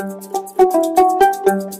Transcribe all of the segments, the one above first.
Thank you.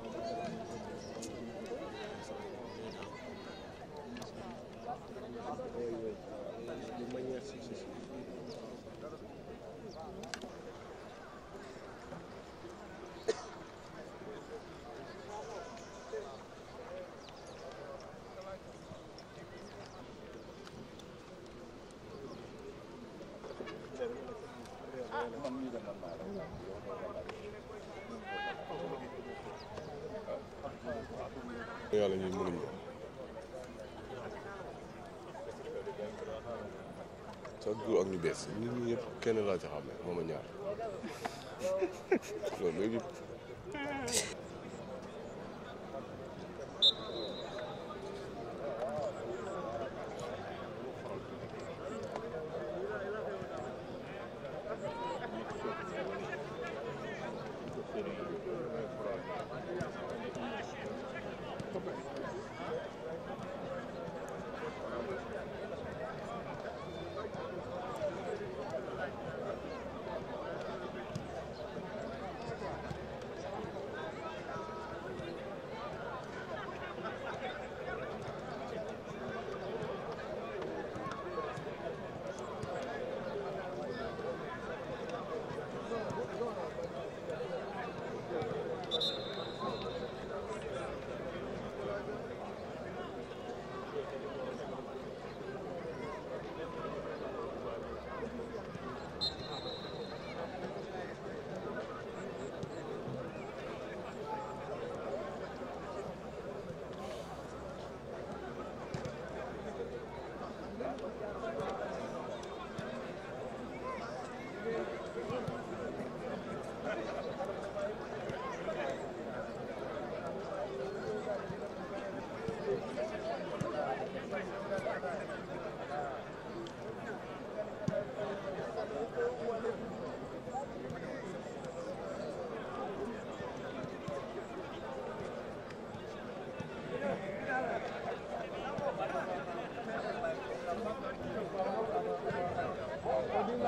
yàlla ñuy mënuñ chaque jour ak ñu bees nit ñi ñëpp kenn laa ci xam ne moom a ñaar loolu léegi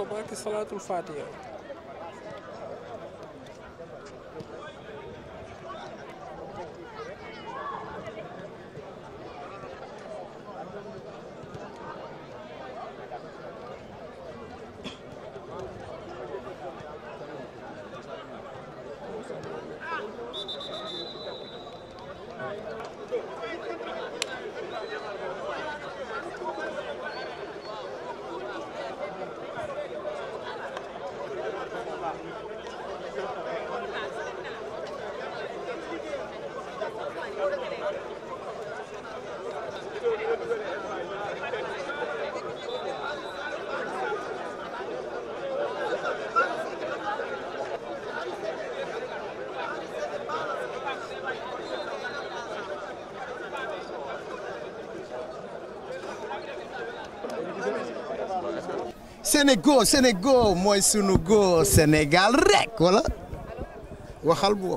ko barki salaatul fatiha Sénégal Sénégal mooy sunu góor Sénégal rek wala waxal bu